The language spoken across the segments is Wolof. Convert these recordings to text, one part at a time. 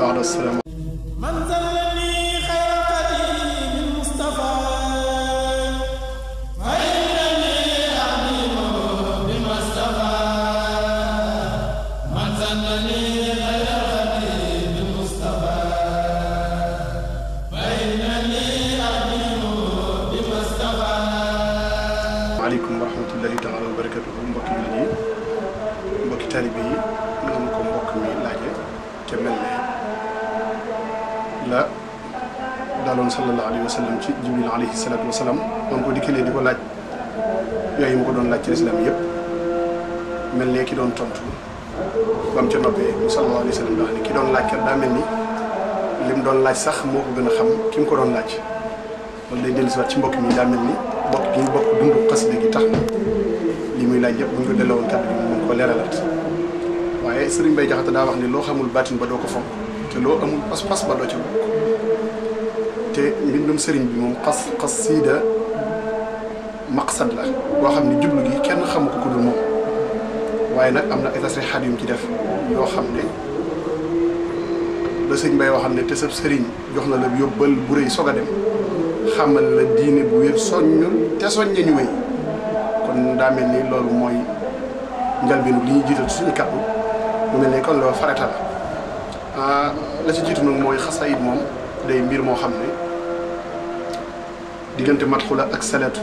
waaw asalaamaaleykum sallallahu alayhi wa sallam ci jibril alayhi salatu wasalam man ko dikkalee di ko laaj yooyu mu ko doon laaj ci lislaam yëpp mel ne ki doon tontu ba mu ca noppee mu sallallahu alayhi wa sallam wax ne ki doon laaj kat daa mel ni li mu doon laaj sax moo ko gën a xam ki mu ko doon laaj loolu day dellusiwaat ci mbokk mi daa mel ni mbokk gi ñu bokk dundu xasida gi tax na li muy laaj yëpp bu ñu ko dellowoon kàddu gi mun ko leeralaat waaye sëriñ Bay Jaxate daa wax ne loo xamul baatin ba doo ko fonk te loo amul pas-pas ba doo ca bokk te mbindum sëriñ bi moom xas xas siida maqsad la boo xam ne jublu gi kenn xamu ko ku dul moom waaye nag am na ay tasrixaat yu mu ci def yoo xam ne la sëñ bay waxam ne te sab sëriñ jox na la yóbbal bu rëy soog a dem xamal la diine bu wér soññul te soññe ñu wéy kon daa mel ni loolu mooy njalbeenu li ñuy jiital suñu kàddu mu mel ni kon loolu farata la la ci jiitu nag mooy xasaayid moom day mbir moo xam ne diggante matxula ak salatu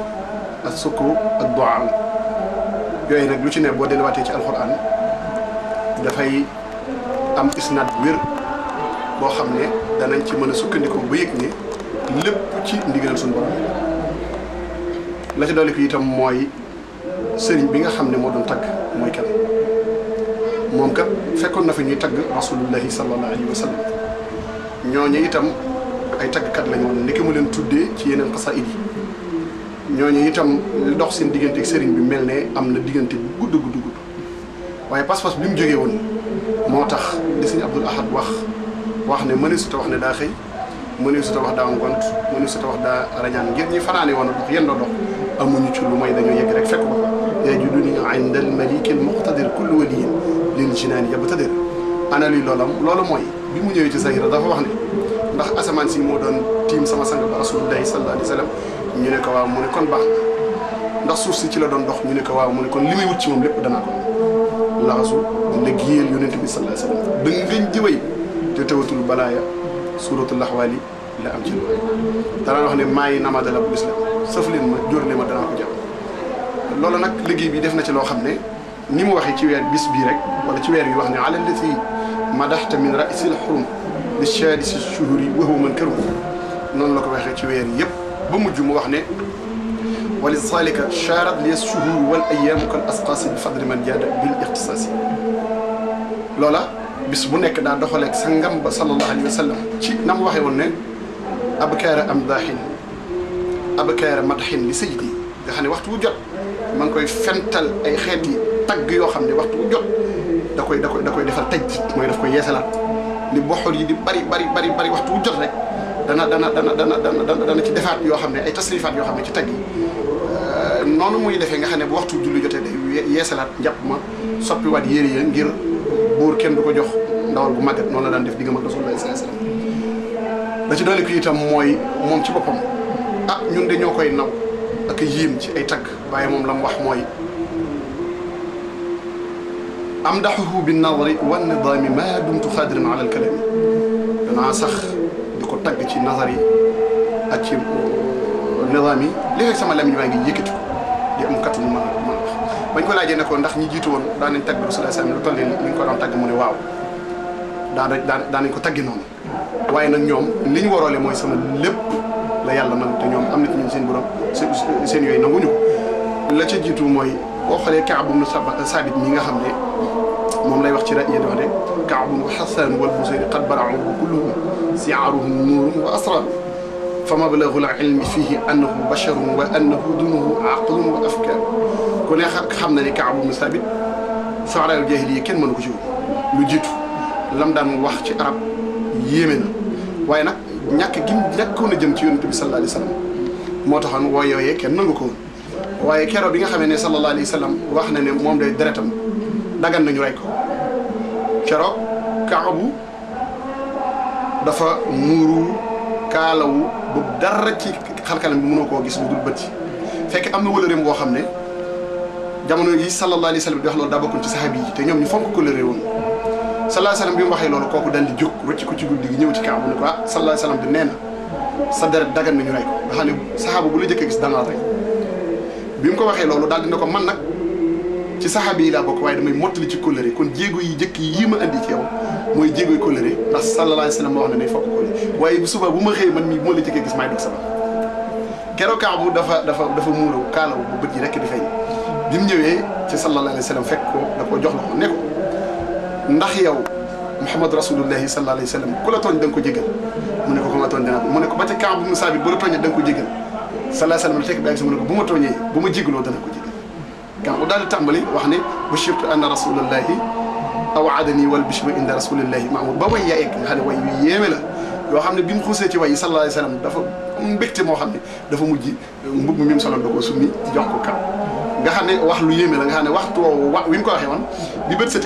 ak sukku ak doam yooyu nag lu ci ne boo delluwaatee ci alxuraan am isnaad wér boo xam ne danañ ci mën a sukkandiku bu yëg ci ndigalal suñu borom itam mooy sëriñ bi nga xam ne moo du tagg muy kenn moom kat fekkoon na fi ñuy tagg rasulullahi sallallahu alayhi wa itam ay tàggkat lañu woon ni ki mu leen tuddee ci yeneen xasaayid yi ñooñu itam li dox seen diggante ak sëriñ bi mel ne am na diggante bu gudd gudd gudd waaye pas bi mu jógee woon moo tax li sëñ Abdul Ahad wax wax ne mëneesuta wax ne daa xëy mëneesuta wax daa ngont mëneesuta wax daa rajaan ngir ñi fanaane woon a dox yendoo dox amuñu ci lu may dañoo yegg rek fekk ko yajiduni inda al malik al muqtadir kullu waliyin lil jinaan yabtadir ana mu ñëwee ci Zahira dafa wax ne ndax asaman si mo doon tiim sama sang ba rasulullahi sallallahu alayhi wa ñu ne ko waaw mu ne kon baax ndax suuf si ci la doon dox ñu ne ko waaw mu ne kon li wut ci moom lépp danaa ko la rasul liggéeyal yonente bi sallallahu alayhi wasallam sallam da ngeen jëway te tawatul balaaya suratul laxwaali la am ci loolu dana wax ne maa ngi namada bu islam sëf leen ma jóor ne ma danaa ko jàpp loolu nag liggéey bi def na ci loo xam ne ni mu waxee ci weer bis bii rek wala ci weer yi wax ne ala lati madaxta min rasil xurum الشادس الشهور وهو منكره نون لك واخا تي وير ييب با مجو مو واخني ولذلك شارد لي الشهور والايام كالاسقاص بفضل من جاد بالاختصاص لولا بس بو نيك دا دخلك سانغام صلى الله عليه وسلم تي نام واخي وون نك ابكار ام داحين ابكار مدحين لسيدي دا خاني وقت وجو جوت مان كوي فنتال اي خيت تاغ يو خاني وقت وجو جوت داكوي داكوي داكوي ديفال تاج موي داكوي ياسلات li mboxoor yi di bari bari bari bari waxtu wu jot rek dana dana dana dana dana dana ci defaat yoo xam ne ay tasrifaat yoo xam ne ci teg yi euh, noonu muy defee nga xam ne bu waxtu julli jotee day yeesalaat njàpp ma soppiwaat yére ya ngir buur kenn du ko jox ndawal bu màggat noonu la daan def diggam ak Rasulullah sallallahu alayhi wasallam da ci doole ki itam mooy moom ci boppam ah ñun de ñoo koy naw ak yéem ci ay tagg waaye moom la mu wax mooy أمدحه بالنظر والنظام ما دمت خادرا على الكلام أنا أسخ دي كو تاك تي نظري أتي نظامي ليه سما لامي ما نجي يكتو دي أم كاتو ما ما ما نكو لاجي نكو ندخ نجي تون دان نتاك برسول الله سامي لطل لين نكو دان تاك موني واو دان دان نكو تاك نون waaye nag ñoom li ñu warole mooy sama lépp la yàlla mën te ñoom am na ci ñun seen borom seen yooyu nanguñu la ca jiitu mooy وخلي كعب بن ثابت مي خا خني موم لاي واخ سي كعب بن حسان والبزير قد برعوا كلهم سعرهم نور واسرى فما بلغ العلم فيه انه بشر وانه دونه عقل وافكار كل خا خمنا لي كعب بن ثابت صار الجاهليه كان منو جو لو جيتو لم دان واخ سي عرب يمن واي نا نياك جيم نياكو نجم سي يونس صلى الله عليه وسلم موتاخان waaye kéro bi nga xamé ne sallallahu alayhi wasallam wax na ne mom day deretam dagan nañu ray ko kéro kaabu dafa muru kalawu bu dar ci xalkalam bi mëno ko gis bu dul bëtt fekk amna na wëlëreem boo xam jamono yi sallallahu alayhi wasallam di wax loolu daa bokkoon ci sahabi yi te ñom ñu fonk ko le woon sallallahu alayhi wasallam bi mu waxee loolu kooku daal di juk rëcc ko ci guddi gi ñëw ci kaabu ne ko sallallahu alayhi wasallam sallam bi nee sa deret dagan nañu ray ko nga xamné sahabu bu lu jëkke gis danaa rey bi mu ko waxee loolu daal dina ko man nag ci saxaabi yi laa bokk waaye damay mottali ci kóllëre kon jéego yi njëkk yi yii ma andi ci yow mooy jéegoy kóllëre ndax sallallahu alayhi wa sallam wax na ne fokk kóllëre waaye bu suba bu ma bu dafa dafa dafa muuru kaalaw bët yi rekk di feeñ bi mu ñëwee ci sallallahu alayhi wa fekk ko da ko jox loxo ne ko ndax yow Muhammad la tooñ da nga ko jégal mu ne ko ku ma tooñ dina ko mu da nga ko sallallahu alayhi wa sallam teg bàyyi sa mu ne ko bu ma tooñee bu ma jigloo dana ko jigal gànqu daal wal bishru inda rasulillahi mahmoud ba way yaa egg nga xam ne way yu yéeme la yoo xam ne bi mu xuusee ci way yi sallallahu alayhi wa sallam dafa mbégte moo xam ne dafa mujj mbub mi mu soloon da koo summi jox ko kaw nga xam ne wax lu yéeme la nga xam ne waxtu woowu wa wi ñu ko waxee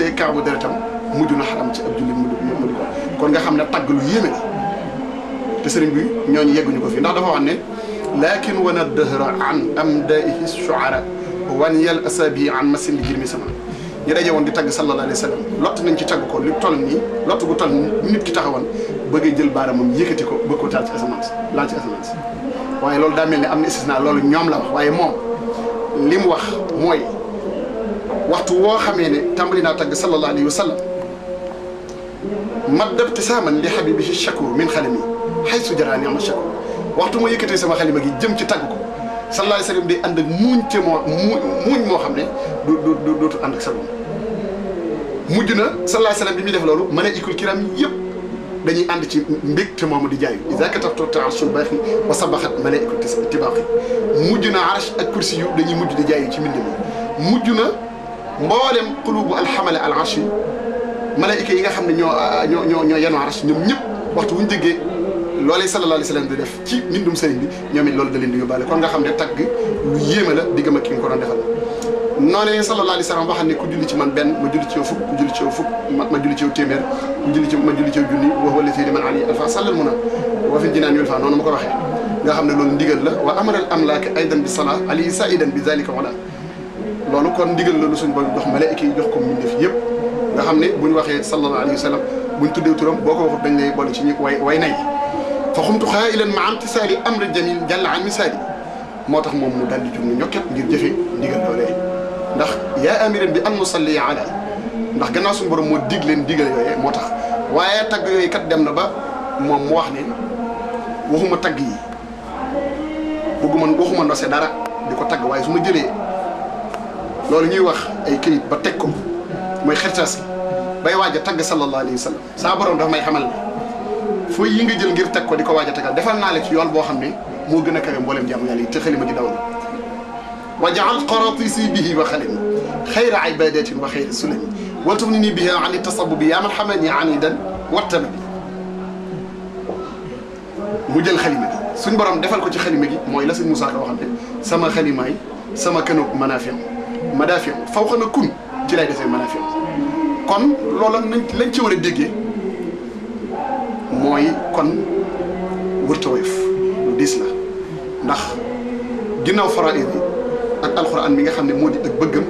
na xaram ci ab julli mu di ko kon nga xam ne tagg lu yéeme la te sëriñ bi ñooñu yegguñu ko لكن ون الدهر عن أمدائه الشعراء ون يل أسابيع عن مسن الجرم سما يرجع ون تتج صلى الله عليه وسلم لط من تتج كل لطلني لط قتل من تتج ون بقي جل بارم يكتي كو بقول تاج أزمان لاج أزمان واي لول دامين أم نسنا لول نيوم لا واي مو لم وح موي وقت وحمين تمرين تتج صلى الله عليه وسلم مد ابتساما لحبيبه الشكو من خلمي حيث جراني أم نعم الشكو waxtu ma yëkkatee sama xalima gi jëm ci tàgg ko sallallahu alayhi wasallam day ànd te moo muuñ moo xam ne du du dootu ànd ak saloon mujj na sallallahu alayhi wasallam bi muy def loolu mën a ikul kiram yëpp dañuy ànd ci mbég te moomu di jaayu isa katafto taasul baaxi wa sabaxat mën a ikul mujj na arsh ak kursi yu dañuy mujj di jaayu ci mbind mi mujj na mboolem xulubu alxamale al arsh malaayika yi nga xam ne ñoo ñoo ñoo ñoo yenu arsh ñoom ñëpp waxtu wu déggee loolee sallallahu alayhi wasallam def ci mbindum sëriñ bi ñomit it loolu da leen di yobale kon nga xam ne tag lu yema la digam ak ki ko doon defal noonu sallallahu alayhi wasallam sallam ne ku julli ci man ben ma julli ci yow fukk julli ci yow fukk ma julli ci yow téeméer ku julli ci ma julli ci yow junni wax wala fii man ali alfa sallal mun wa fi jinaan yul fa noonu ma nga xam ne loolu ndigal la wa amaral amlaaka aydan bi sala ali saidan bi zalika wala loolu kon ndigal la lu suñ borom jox malaayika yi jox ko mbindeef yëpp nga xam ne bu waxee sallallahu alayhi wa buñ tuddee turam boo ko waxut dañ lay boole ci ñi way way nay فقمت خائلا مع امتثال امر الجميل جل عن مثالي موتخ موم مو دال جوم نيوكيت ندير جيفي ديغال دولاي داخ يا امير بان نصلي على داخ غنا سون بروم مو ديغ لين ديغال يوي موتخ وايا تاغ يوي كات ديم نبا موم مو واخني واخوما تاغ يي بوغوما واخوما نوسي دارا ديكو تاغ واي سوما جيلي لول نيي واخ اي كيت با تيكو موي خيرتاس باي واجا تاغ صلى الله عليه وسلم سا بروم داف ماي حمل fooy yi nga jël ngir teg ko di ko waaj a tegal defal naa la ci yoon boo xam ne moo gën a kawe mboolem jaamu yàlla yi te xalima gi daw na واجعل قراطيسي به وخلم خير عبادات وخير سلم وتغنني بها عن التصبب يا من حماني عنيدا والتمم mu jël xalima gi suñ borom defal ko ci xalima gi mooy la suñ Moussa Ka waxam ne sama xalimaay sama kanoog manaafiam madaafiam faw xana kun ci lay defee manaafiam kon loola nañ lañ ci war a déggee mooy kon wërta diis la ndax ginnaaw faraid yi ak bi nga xam ne moo di ak bëggam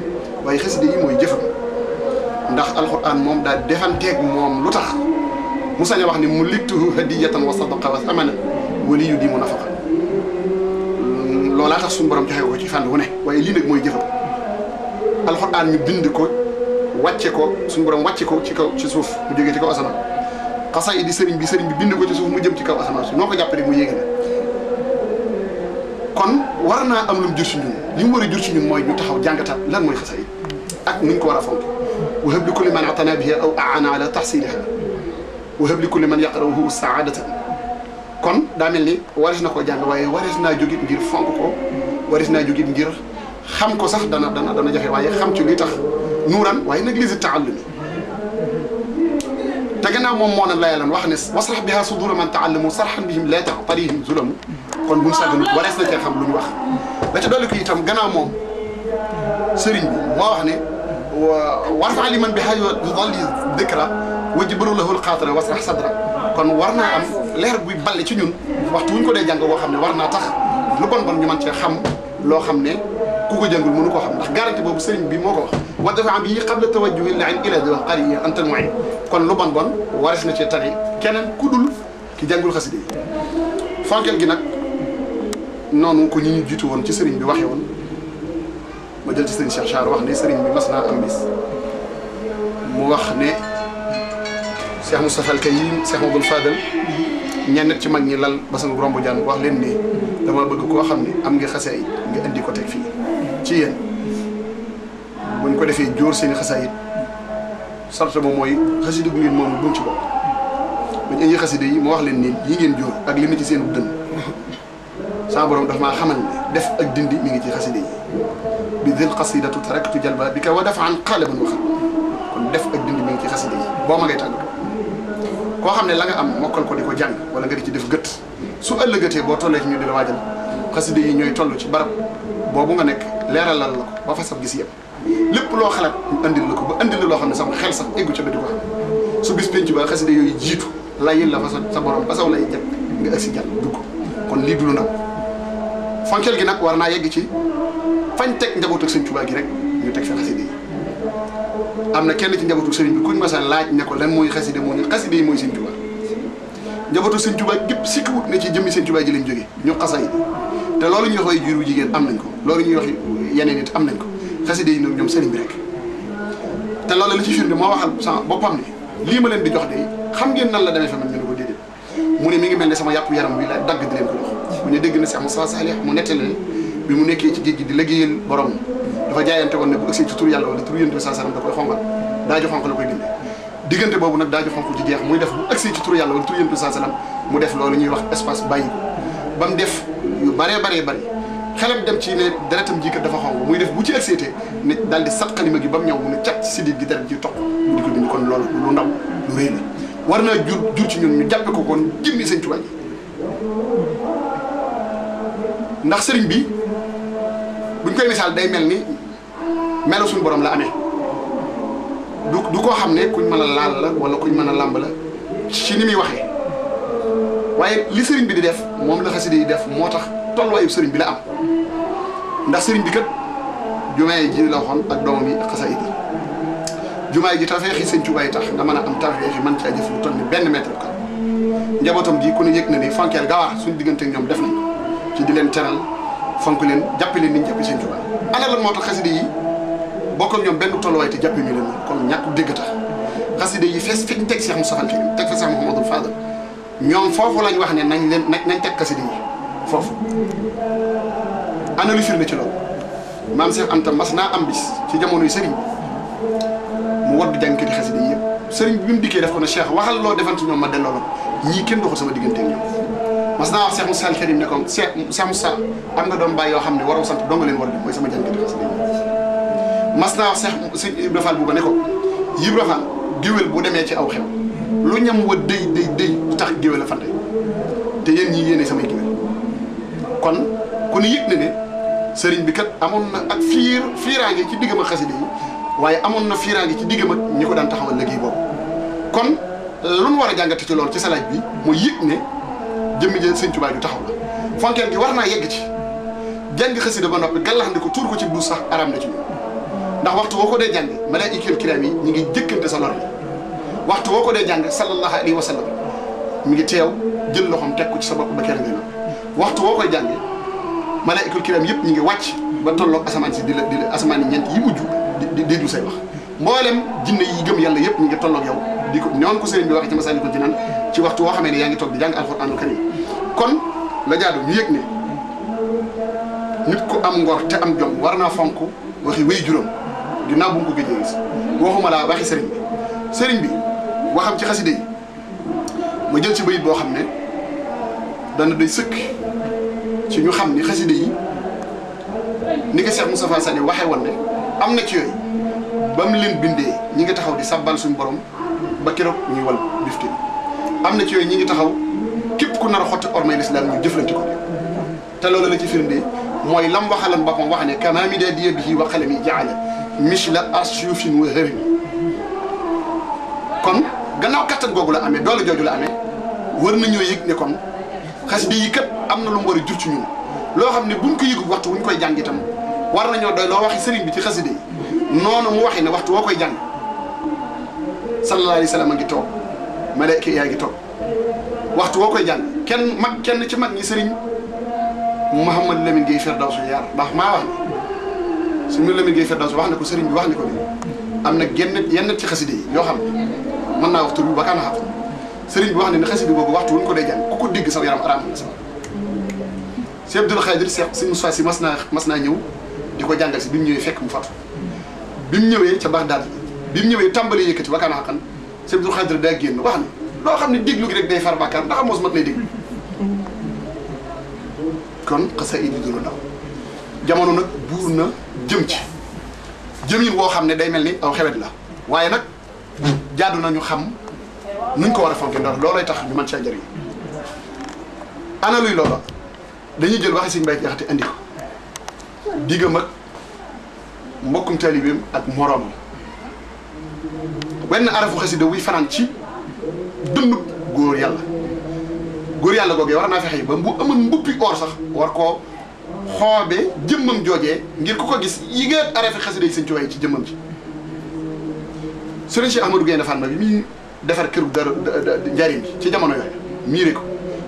waaye xasida yi mooy jëfam ndax alxuraan moom daal defanteeg moom lu tax mu sañ a wax ni mu littuhu hadiyatan wa sadaqa wa amana waliyu di mu nafaqa loolaa tax suñu borom joxe ci fànn wu ne waaye lii nag mooy jëfam alxuraan mi bind ko wàcce ko suñu wàcce ko ci kaw ci suuf mu jógee ci kaw asamaan xasay di sëriñ bi sëriñ bi bind ko ci suuf mu jëm ci kaw asamaan si noo ko jàppale mu yéege na kon war naa am lu mu jur si ñun li mu war a jur si ñun mooy ñu taxaw jàngataat lan mooy xasay ak nuñ ko war a fonk wahab li kulli man atana biha aw aana ala tahsiliha wahab li kulli man yaqrahu saadatan kon daa mel ni waris na koo jàng waaye waris naa jógit ngir fonk ko waris naa jógit ngir xam ko sax dana dana dana jafe waaye xam ci li tax nuuran waaye nag lisi taallumi موم مونا لا يلان واخ نس وصلح بها صدور من تعلم وصلح بهم لا تقتريهم ظلم كون بون سادن وريس نتا خم لوم واخ لا تي دولي كي تام غنا موم سيرين ما واخ ني وارفع لمن بها يضل ذكرى وجبر له القاطره وصلح صدره كون ورنا ام لير بي بالي سي نون واخ تو نكو دي جانغ وخم ني ورنا تخ لو بون بون ني مان سي خم لو خم ني كوكو جانغول مونو كو خام داخ غارانتي بوبو سيرين بي موكو واخ ودافع بي قبل التوجه الى عين الى دو قريه انت المعين كون لو بون بون وارث نتي تاري كينن كودول كي جانغول خاسيدي فانكل كي ناك نونو كو ني ني جيتو وون سي سيرين بي واخي وون ما جيل سي سيرين شيخ شار واخ ني سيرين بي مسنا ام بيس مو واخ ني شيخ مصطفى الكريم شيخ عبد الفاضل ñenn ci mag ñi lal ba sama romb jaan wax leen ni dama bëgg koo xam ni am nga xase yi nga indi ko teg fii ci yéen buñ ko defee jóor seen xase yi sarta moom mooy xasida gu ngeen moom bu ci bopp buñ indi xasida yi mu wax leen ni yi ngeen jóor ak li ci seen dënn sa borom daf maa xamal def ak dindi mi ngi ci xasida yi bi dhil qasidatu taraktu jalba bika wa daf'an qalaban wa kon def ak dindi mi ngi ci xasida yi boo ma ngay tàggatu koo xam ne la nga am mokkal ko di ko jàng wala nga di ci def gët su ëllëgatee boo tollee ci ñu di la waajal xasida yi ñooy tollu ci barab boobu nga nekk leeralal la ko ba fa sab gis yëpp lépp loo xalaat ñu andil la ko ba andil la loo xam ne sama xel sax eggu ca ba di ko xam su bis penc ba xasida yooyu jiitu layil la fa sa borom ba saw lay jëm nga agsi jàll dugg kon lii du lu ndaw fonkeel gi nag war naa yegg ci fañ teg njaboot ak sëñ Tuubaa gi rek ñu teg fi am na kenn ci njabootu sëriñ bi kuñ masaan laaj ne ko lan mooy xasida moo ñu xasida yi mooy sëñ Tuubaa njabootu sëñ Tuubaa gépp sikkiwut ne ci jëmmi sëñ Tuubaa ji lañ jógee ñu xasa te loolu ñuy wax way juru am nañ ko loolu ñuy wax yeneen it am nañ ko xasida yi nag ñoom sëriñ bi rek te loolu li ci firnde moo waxal sa boppam ne lii ma leen di jox de xam ngeen nan la demee fa ko déedéet mu ne mi ngi mel ne sama yàpp yaram wi la dagg di leen ne dégg na si am saa saalih mu nettali mu nekkee ci géej gi di liggéeyal borom dafa jaayante woon ne bu ëgsee ci tur yàlla wala turu yonent bi sallallahu da koy xonqal daaju xonq la koy dindi diggante boobu nag daaju xonq ji jeex muy def bu ëgsee ci tur yàlla wala turu yonent bi sallallahu alayhi wasallam mu def loolu ñuy wax espace bàyyi ba mu def yu baree bare bari xelam dem ci ne deretam ji kat dafa xonq muy def bu ci ëgseete ne daal di sat xalima gi ba mu ñëw mu ne cat sidit gi deret ji toq mu di ko dindi kon lool lu ndaw lu rëy la war naa jur jur ñu jàppe ko kon jëmmi sëñ Tuubaa ji ndax sëriñ bi buñ koy misaal day mel ni melo suñu borom la ame du du koo xam ne kuñ mën a laal la wala kuñ mën a làmb la ci ni muy waxee waaye li sëriñ bi di def moom la xasida yi def moo tax tolluwaayu sëriñ bi na am ndax sëriñ bi kat jumaay ji la waxoon ak doomam yi ak xasaayid yi jumaay ji tafeexi sëñ Tuubaa tax nga mën a am tafeexi man caa jëf lu toll ni benn mètre kan njabootam ji ku yëg na ni fonkeel gaawaar suñu diggante ak ñoom def nañ ci di leen teral fonk leen jàpp leen ni ñu jàppi sëñ Tuubaa ana moo tax xasida yi bokk ak ñoom benn tolluwaay te jàppee ñu leen moom kon ñàkkul dégg tax xasida yi fees fi ñu teg Cheikh Moussa Fane teg fa Cheikh Mouhamadou Fadal ñoom wax ne nañ leen nañ teg xasida yi foofu. ana lu firnde ci loolu maam Cheikh Anta mas naa am bis ci jamonoy sëriñ bi mu wadd jànkati xasida loo defante ñoom ma delloo la ñii kenn doxul sama diggante ak ñoom. mas naa wax Cheikh Moussa Al Karim ne comme Cheikh Cheikh Moussa am nga doom bàyyi yoo xam ne waroo sant dong leen war a mooy sama jànkati xasida yi mas naa wax sax sëñ Ibra Fall bu ba ne ko Ibra Fall géwél bu demee ci aw xew lu ñam wa dëy dëy dëy tax géwél a fante te yéen ñii yéene samay géwél kon ku ni ne sëriñ bi kat amoon na ak fiir fiiraange ci diggam ak xasida yi waaye amoon na fiiraange ci diggam ak ñi ko daan taxawal liggéey boobu kon lu nu war a jàngate ci loolu ci salaaj bi mu yëg ne jëmmi jël sëñ Tuubaa ju taxaw la fonkeel gi war naa yegg ci jàng xasida ba noppi gallax ndi ko tuur ko ci duus sax araam na ci ndax waxtu boko de mana malaikatul kiram ni yi ñu ngi jëkkante sa lor waxtu boko de jang sallallahu alaihi wasallam, mi ngi tew jël loxoom teg ko ci sa bopp ba keroog dina waxtu boko jang malaikatul kiram kiraam yëpp ñu ngi wacc ba tolloog asaman ci di la di la yi muju de mujj du say wax. mboolem jinne yi gëm yalla yëpp ngi yow di ko ko seen bi wax ci ci waxtu wo ngi di jang karim kon la jaadu ñu yek ne nit ku am ngor te am jom warna fonku waxi ginnaaw bu mu ko gëjee gis laa waxi sëriñ bi sëriñ bi waxam ci xaside yi ma jël ci bayit boo xam ne dana de sëkk ci ñu xam ni xaside yi ni ko Cheikh sax Sane waxee woon ne am na ci yooyu ba mu leen bindee ñi ngi taxaw di sabbal suñu borom ba keroog ñuy wal biftin am na ci yooyu ñi ngi taxaw képp ku nar a xotti ormay lislaam ñu jëflante ko te loolu la ci firnde mooy lam waxalan boppam wax ne kanaami dee diye bi wa xale mi jaale mich la assurfin wa réew mi kon gannaaw kattan googu la amee doole jooju la amee war nañoo yëg ne kon xasida yi kat am na lu mu war jur ci ñun loo xam ne buñ ko yëgu waxtu wuñ koy jàng itam war nañoo doy loo waxi sëriñ bi ci xasida yi noonu mu waxee ne waxtu woo koy jàng sallallahu alayhi wa a ngi toog malaaka yaa ngi toog waxtu woo koy jàng kenn mag kenn ci mag ñi sëriñ Mouhamad Lamine Gueye Firdawsu yar ndax maa wax suñu Lamine Gueye Firdaws wax na ko sëriñ bi wax na ko ni am na genn yenn ci xaside yi yoo xam ne mën naa wax tur bi ba kaana xam sëriñ bi wax ne ne xaside boobu waxtu wuñ ko dee ko dégg saw yaram araam na sama Cheikh Abdoul Khadir Cheikh si Moussa si mas naa mas naa ñëw di ko jàngal si bi mu ñëwee fekk mu fatu bi mu ñëwee ca Bagdad bi mu ñëwee tàmbali yëkkati ba kaana xaqan Cheikh Abdoul daa génn wax na loo xam ne déglu gi rek day far bàkkaar ndax moos mat lay déglu kon xasa it bi duna ndaw jamono nag buur na jëm ci jëmin woo xam ne day mel ni aw xewet la waaye nag jaadu nañu xam nuñ ko war a fonke ndax loolooy tax ñu man caa jëriñ ana luy loola dañuy jël waxi Sëñ Mbay Jaxate andi ko diggam ak mbokkum taalibeem ak moroomam wenn arafu xasida wuy fanaan ci dund góor yàlla góor yàlla googee war naa fexe ba bu amoon mbuppi or sax war ko xoobe jëmmam joojee ngir ku ko gis yi nga arrêté xasida yi sëñ Tuubaa ci jëmmam ji sëriñ si Amadou Gaynde Fatma bi muy defar këru dara njariñ bi ci jamono yooyu miire ko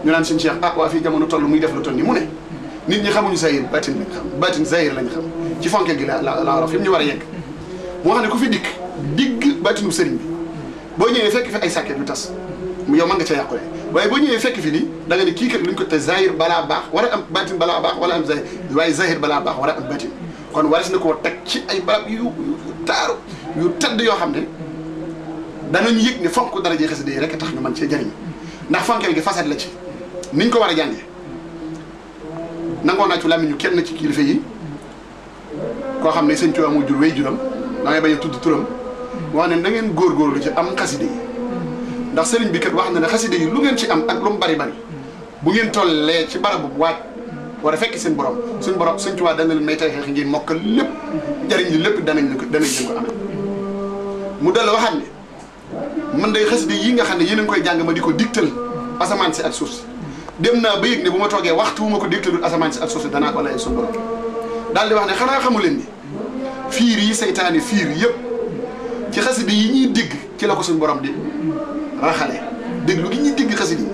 ñu naan sëñ Cheikh ah waa fii jamono toll muy def lu toll ni mu ne nit ñi xamuñu zahir batin lañ xam batin zahir lañ xam ci fonke gi la la la fi mu ñu war a yegg moo xam ne ku fi dikk digg batinu sëriñ bi boo ñëwee fekk fi ay sàkket yu tas يوم نجت يأكله ويبني يفك فيني لكن كيك نمك تزاهر بلا باخ ولا أم باتين بلا باخ ولا أم زاهر دواي زاهر بلا باخ ولا أم باتين كون وارس نكو تكشي أي باب يو يو تارو يو تدري يا حمد دانو نيك نفهم كودنا جي خسدي رك تخن من شيء جاني نفهم كيف فساد لشي نينكو وارا جاني نعو ناتو لامي نكير نتشي كيل فيي كوا حمد نسنتو أمو جروي جرام نعيا بيو تدو ترام وانا نعين غور غور لشي أم كسيدي ndax sëriñ bi kat wax na ne xasida yi lu ngeen ci am ak lu mu bari bari bu ngeen tollee ci barabu waaj war a fekk seen borom suñ borom suñ tubaab dana leen may tey xeex ngeen mokkal lépp jariñ li lépp danañ leen ko danañ leen ko am mu dellu waxaat ne man day xasida yi nga xam ne yéen a koy jàng ma di ko digtal asamaan si ak suuf si dem naa ba yëg ne bu ma toogee waxtu wu ma ko digtalul asamaan si ak suuf danaa ko lay suñ borom daal di wax ne xanaa xamu leen ni fiir yi saytaane fiir yëpp ci xasida yi ñuy digg ci la ko suñ borom di raxale lu gi ñi dégg xasida yi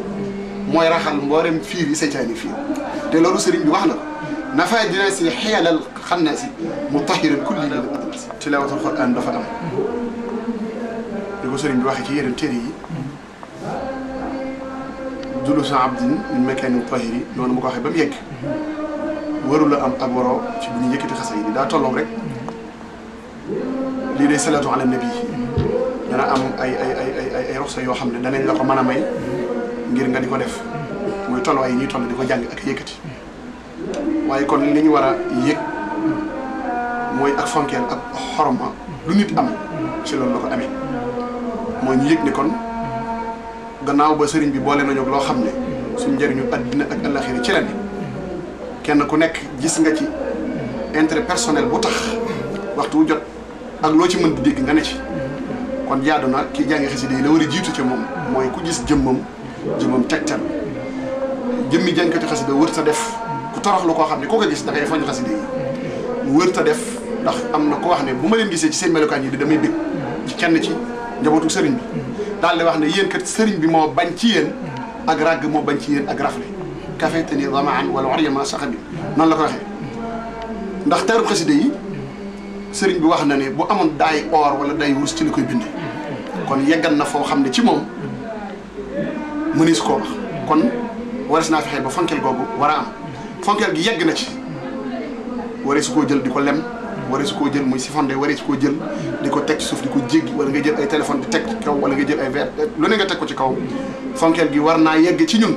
mooy raxal mborem fiir yi seytaane fiir te lolu sëriñ bi wax na nafa dina si hiyal al khannas mutahhir mu tahiran kulli lil adnas tilaawatul Qur'an dafa am di ko sëriñ bi wax ci yeneen téere yi dulu sa abdin min makan mutahhir noonu ma ko waxee ba mu yegg warula am ak ci bu ñu yëkkati xasida yi da tolloog rek li day salatu ala nabi dana am ay ay ay ay ay roxsa yoo xam ne danañ la ko mën a may ngir nga di ko def muy tolluwaay yi ñuy toll di ko jàng ak yëkkati waaye kon li ñu war a yëg mooy ak fonkeel ak xoroma lu nit am ci loolu la ko amee mooy ñu yëg ne kon gannaaw ba sëriñ bi boole nañu loo xam ne suñ njëriñu àddina ak àllaxira ci leen kenn ku nekk gis nga ci intérêt personnel bu tax waxtu jot ak loo ci mën di dégg nga ne ci kon jaadu na ki jàngi xasida yi la war a jiitu ci moom mooy ku gis jëmmam jëmmam tegtal jëmmi jànkati xasida wër ta def ku toroxlu koo xam ne ku ko gis da ngay foñ xasida wër ta def ndax am na ko wax ne bu ma leen gisee ci seen melokaan yi di damay bég ci kenn ci njabootu sëriñ bi daal di wax ne yéen kat sëriñ bi moo bañ ci yéen ak ràgg moo bañ ci yéen ak rafle kafe te ni zamaan wala waryama saxa bi noonu la ko waxee ndax teerub xasida yi sëriñ bi wax na ne bu amoon daay or wala day wurus ci li koy bindee kon yeggal na foo xam ne ci moom mënis koo wax kon warees naa fexe ba fonkeel googu war a am fonkeel gi yegg na ci wareesu koo jël di ko lem wareesu koo jël muy sifonde wareesu koo jël di ko teg ci suuf di wala nga jël ay téléphone di teg ci wala nga jël ay verre lu ne teg ko ci kaw fonkeel gi war naa yegg ci ñun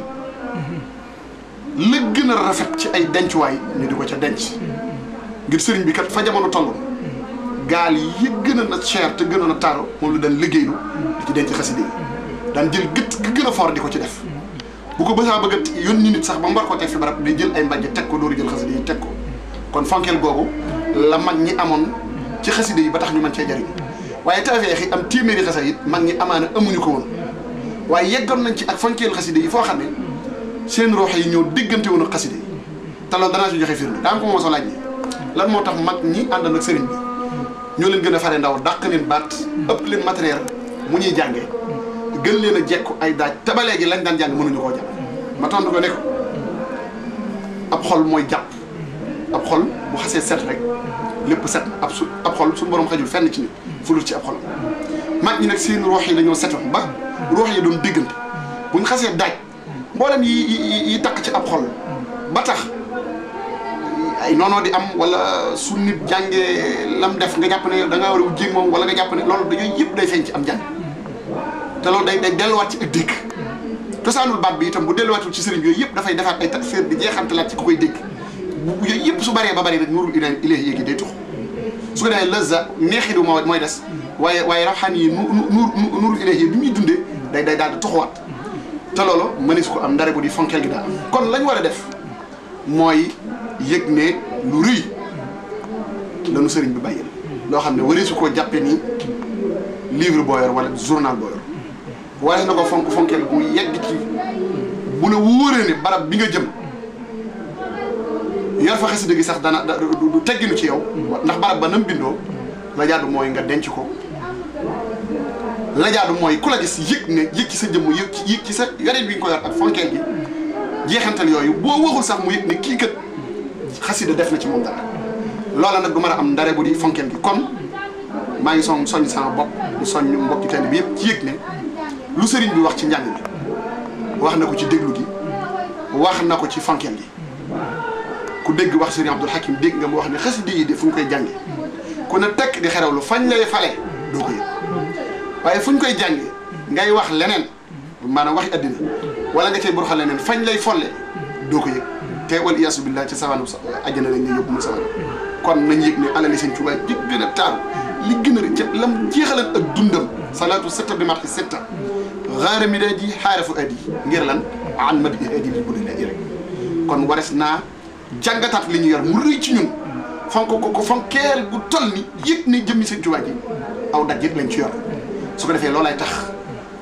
la gën a rafet ci ay dencuwaay ñu di ko ca denc ngir sëriñ bi kat fa jamono tollu gaal yi gën a na cher te gën a na taaru moom lu daan liggéeylu di ci denc xaside yi daan jël gët gi gën a di ko ci def bu ko bësaa bëgg a yónni nit sax ba mu war ko teg fi barab day ko dooru jël xaside yi ko kon fonkeel googu la mag ñi amoon ci xaside yi ba tax ñu mën cee jariñ waaye tawfeex yi am téeméeri xasa it mag ñi amaana amuñu ko woon waaye yeggoon nañ ci ak fonkeel xaside yi foo xam ne seen roox yi ñoo diggante woon ak xaside yi te danaa si joxe firnde daa ko moom soo laaj lan moo tax mag ñi àndoon ak sëriñ bi ñoo leen gën a fare ndaw dàq leen baat ëpp leen matériel mu ñuy jànge gën leen a jekku ay daaj te ba léegi lañ daan jàng mënuñu koo jàng ma tontu ko ne ko ab xol mooy jàpp ab xol bu xasee set rek lépp set ab su ab xol suñu borom xajul fenn ci nit fu ci ab xol mag ñi nag seen ruux yi dañoo setoon ba ruux yi doon diggante buñ xasee daaj mboolem yi yi yi takk ci ab xol ba tax ay noonoo di am wala su nit jàngee lam def nga jàpp ne da ngaa war a wujjeeg moom wala nga jàpp ne loolu dañuy yëpp day feeñ ci am jàng te loolu day day delluwaat ci ak dégg cosaanul baat bi itam bu delluwaatul ci sëriñ yooyu yëpp dafay defaat ay tafsir di jeexantalaat ci ku koy dégg yëpp su baree ba bari rek nurul ilan day tux su ko defee lëzza neexidu moo mooy des waaye waaye raxaan yi nu nu nurul ilahi bi muy dundee day day daal di tuxuwaat te loolu mënees ko am ndare bu di fonkeel gi daal kon lañ war a def mooy yëg ne lu rëy lanu sëriñ bi bàyyil loo xam ne wari su ko jàppe ni livre boo yor wala journal boo yor waaye na ko fonk fonkeel bu yegg ci bu barab bi nga jëm yor fa xasida gi sax dana du tegginu ci yow ndax barab ba nam bindoo la mooy nga denc ko la jaadu mooy ku la gis yëg ne yëg ci sa jëmm yëg ci sa yoreet bi nga ko yor ak fonkeel gi jeexantal yooyu boo waxul sax mu yëg ne kii kat xasida def na ci moom dara loola nag du mën a am ndare bu di fonkeel gi kon maa ngi soñ soññ sama bopp mu soññ mbokki teel bi yëpp ci yëg ne lu sëriñ bi wax ci njàng bi wax na ko ci déglu gi wax na ko ci fonkeel gi ku dégg wax sëriñ Abdul Hakim dégg nga mu wax ne xasida yi de fu ñu koy jànge ku ne tekk di lu fañ lay fale doo ko yëg waaye fu ñu koy jànge ngay wax leneen maanaam waxi àddina wala nga cay boroxal leneen fañ lay folle doo te wal iyaasu billah ci sawaanu àjjana lañ lay yóbbu muy kon nañ yëg ne alali sëñ Tuubaa ji gën a taaru li gën a ca lam jeexalan ak dundam salaatu setta bi marti setta xaara mi daa ji xaarafu addi ngir lan an madi addi bi buddi la rek kon wares naa jàngataat li ñu yor mu rëy ci ñun fonk ko ko fonkeel gu toll ni yëg ne jëmmi sëñ Tuubaa ji aw daj lañ ci yor su ko defee loolay tax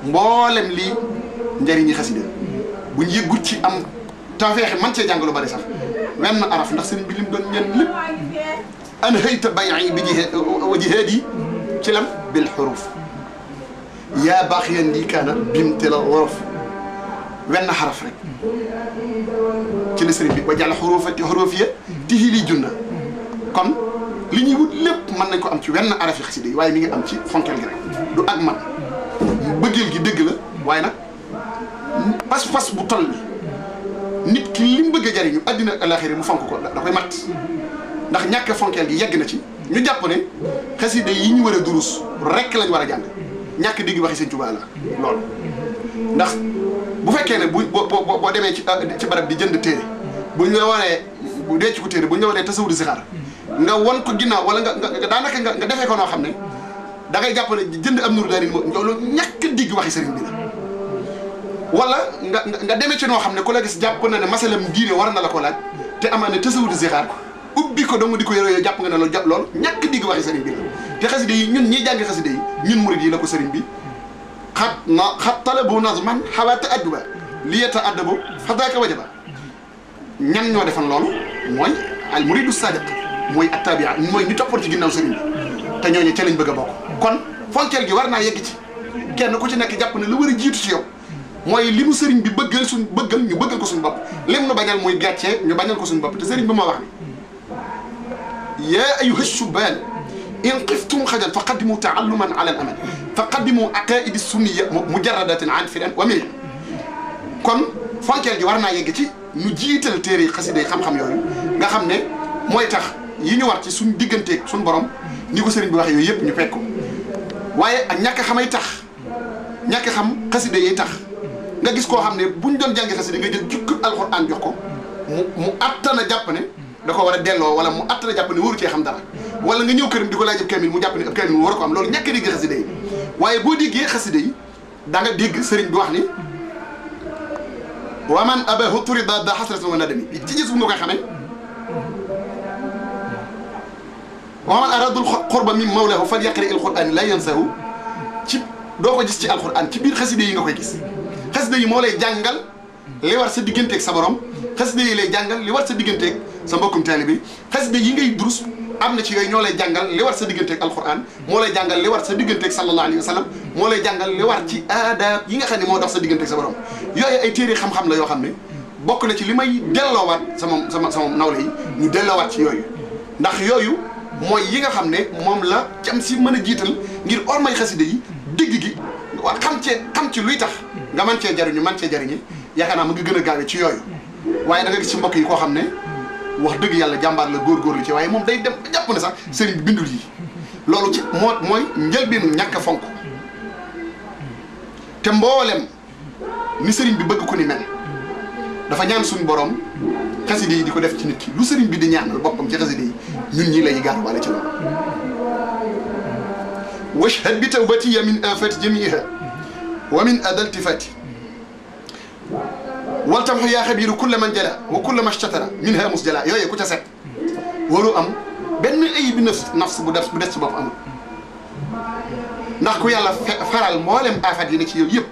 mboolem lii njëriñi xasida buñ yëgut ci am تافيخ من تي جانغلو باري صاف وين عرف ندخ سيرن بليم دون نين لب ان هيت بيعي بجه وجه هدي تلم بالحروف يا باخيا اللي كان بمتل الغرف وين حرف رك تي سيرن بي وجعل حروف تي حروف يا تي لي جنة كون لي ني وود لب من نكو ام تي وين عرف خسي دي واي ميغي ام تي فونكل غير دو اك مان بغيل جي دغ لا واي نا باس باس nit ki li mu bëggee a jariñu àddina ak alaaxira mu fonk ko da koy mat ndax ñàkk fonkeel gi yegg na ci ñu jàpp ne xasida yi ñu waree a durus rek lañ war a jàng ñàkk digg waxi Sëñ Tuubaa la loolu ndax bu fekkee ne bu boo boo demee ci ah, ci barab di jënd téere buñ la waree bu dee ci ko téere buñ la waree tasawudu sixaar nga wan ko ginnaaw wala nga nga daanaka nga defee ko noo xam ne da ngay jàpp ne jënd am nur daarin moo loolu ñàkk digg waxi sëriñ bi la wala nga nga demee ci noo xam ne ku la gis jàpp na ne masalam diine war na la ko laaj te amaana tasawudu zixaar ubbi ko dong di ko yore yooyu jàpp nga ne loolu jàpp loolu ñàkk digg waxi sëriñ bi la te xasida yi ñun ñiy jàngi xasida yi ñun murid yi la ko sëriñ bi xat na xat talabu nazman xawaata adduba liyata addabu xadaaka wajaba ñan ñoo defan loolu mooy al muridu sadiq mooy attabia mooy ñu toppoon ci ginnaaw sëriñ bi te ñooñu ca lañ bëgg a bokk kon fonkeel gi war naa yegg ci kenn ku ci nekk jàpp ne lu war a jiitu ci yow mooy li mu sëriñ bi bëggal suñ bëggal ñu bëggal ko suñu bopp lim nu bañal muy gàccee ñu bañal ko suñu bopp te sëriñ bi ma wax ni yaa ayuha shubaan in qiftum xajan fa qaddimu taalluman ala al amal fa qaddimu aqaidi sunniya mujaradatin an firan wa min kon fonkeel gi war naa yegg ci ñu jiital téere yi xasida yi xam-xam yooyu nga xam ne mooy tax yi ñu war ci suñ digganteeg suñ borom ni ko sëriñ bi waxee yooyu yëpp ñu fekk ko waaye ak ñàkk xamay tax ñàkk xam xasida yi tax nga gis koo xam ne buñ doon jàngi xasida nga jël jukk alxuraan jox ko mu mu attana jàpp ne da ko war a delloo wala mu attana jàpp ne waru cee xam dara wala nga ñëw këram di ko laaj ab kamil mu jàpp ne ab kamil war ko am loolu ñàkk a dégg xasida yi waaye boo déggee xasida yi da nga dégg sëriñ bi wax ni wa man abahu turida da xasratan wa nadami ci gis bu nga koy xamee wa man aradul qurba min mawlahu al qur'an la yansahu ci doo ko gis ci alquran ci biir xasida yi nga koy gis xasida yi moo lay jàngal li war sa digganteeg sa borom xasida yi lay jàngal li war sa digganteeg sa mbokkum taalibe xasida yi ngay durus am na ci yooyu ñoo lay jàngal li war sa digganteeg alquran moo lay jàngal li war sa digganteeg sallallahu alayhi wa moo lay jàngal li war ci aadaab yi nga xam ne moo dox sa digganteeg sa borom yooyu ay téere xam-xam la yoo xam ne bokk na ci li may delloowaat sama sama sama nawle yi ñu delloowaat ci yooyu ndax yooyu mooy yi nga xam ne moom la cam si mën a jiital ngir ormay xasida yi dégg gi war xam cee ci luy tax nga man cee jariñu man cee jariñi yaakaar naa mu ngi gën a gaawee ci yooyu waaye da nga gis ci mbokk yi koo xam ne wax dëgg yàlla jàmbaar la góorgóorlu ci waaye moom day dem ba jàpp ne sax sëriñ bi bindul yi loolu ci moo mooy njëlbeenu ñàkk a fonk te mboolem ni sëriñ bi bëgg ku ni mel dafa ñaan suñu borom xaside yi di ko def ci nit ki lu sëriñ bi di ñaanal boppam ci xaside yi ñun ñii lay gaaruwaale ci loolu واشهد بتوبتي من آفات جميعها ومن أذل تفاتي والتمح يا خبير كل من جلا وكل ما اشتترى منها مسجلا يا يا كنت سعد ولو أم بين أي بنفس نفس بدرس بدرس باب أم نحكي على فعل المعلم أحد ينكي يب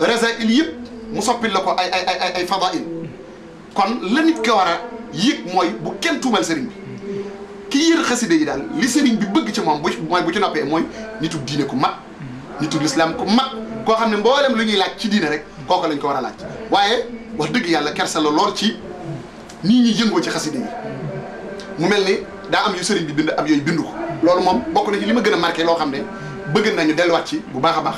رزا يب مصاب لكو أي أي أي أي فضائل كان لنك كوارا يك موي بكل تومال سرين بي ki yër xasida yi daal li sëriñ bi bëgg ci moom bu mooy bu ci noppee mooy nitu diine ku mat nitu lislaam ku ma koo xam ne mboolem lu ñuy laaj ci diine rek kooku lañ ko war a laaj waaye wax dëgg yàlla kersa la lool ci nii ñuy yëngoo ci xasida yi mu mel ni daa am yu sëriñ bi bind am yooyu bindu loolu moom bokk na li ma gën a marqué loo xam ne bëgg nañu delluwaat ci bu baax a baax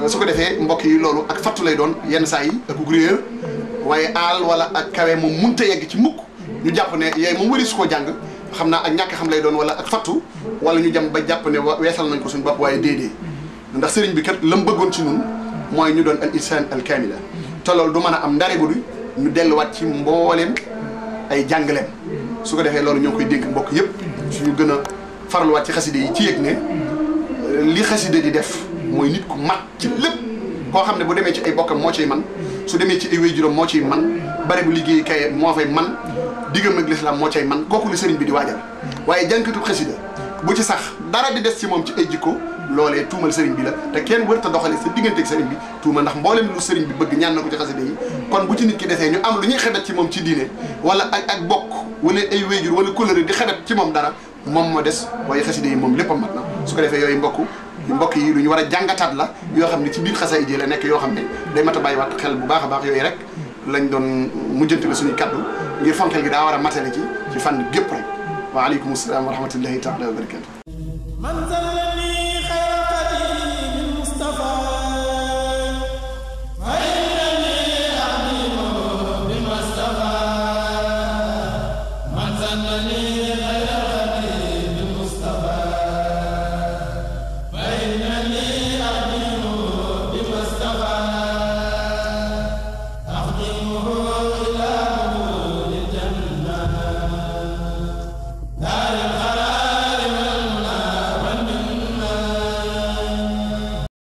euh, su ko defee mbokk yi loolu ak fattu lay doon yenn saa yi ak réer waaye aal wala ak kawe moom munta yegg ci mukk ñu jàpp ne yooyu moom wëri su ko jàng xam naa ak ñàkk xam lay doon wala ak fattu wala ñu jam ba jàpp ne weesal nañ ko suñu bopp waaye déedéet ndax sëriñ bi kat la bëggoon ci ñun mooy ñu doon al insaan al kaamila te loolu du mën a am ndare bu du ñu delluwaat ci mbooleem ay jàngaleem su ko defee loolu ñoo koy dégg mbokk yëpp ñu gën a waat ci xaside yi ci yëg ne li xaside di def mooy nit ku mat ci lépp koo xam ne bu demee ci ay bokkam moo ciy man su demee ci ay wéy moo ciy man bari bu liggéey kay moo man diggam ak lislaam moo cay man kooku li sëriñ bi di waajal waaye jànkatu xasida bu ci sax dara di des ci moom ci ay jikko loolee tuumal sëriñ bi la te kenn wër ta doxale sa diggante ak sëriñ bi tuumal ndax mboolem lu sëriñ bi bëgg ñaan na ko ci xasida yi kon bu ci nit ki desee ñu am lu ñuy xebat ci moom ci diine wala ay ak bokk wala ay wéyjur wala couleur di xebat ci moom dara moom moo des waaye xasida yi moom lépp a mat su ko defee yooyu mbokk mbokk yi lu ñu war a jàngataat la yoo xam ne ci biir xasaay ji la nekk yoo xam ne day mat a bàyyi waat bu baax baax yooyu rek lañ doon mujjante la suñuy kaddu ngir fonkeel gi da wara matale ci ci fan gépp rek wa alaykum assalam wa rahmatullahi taala wa barakatuh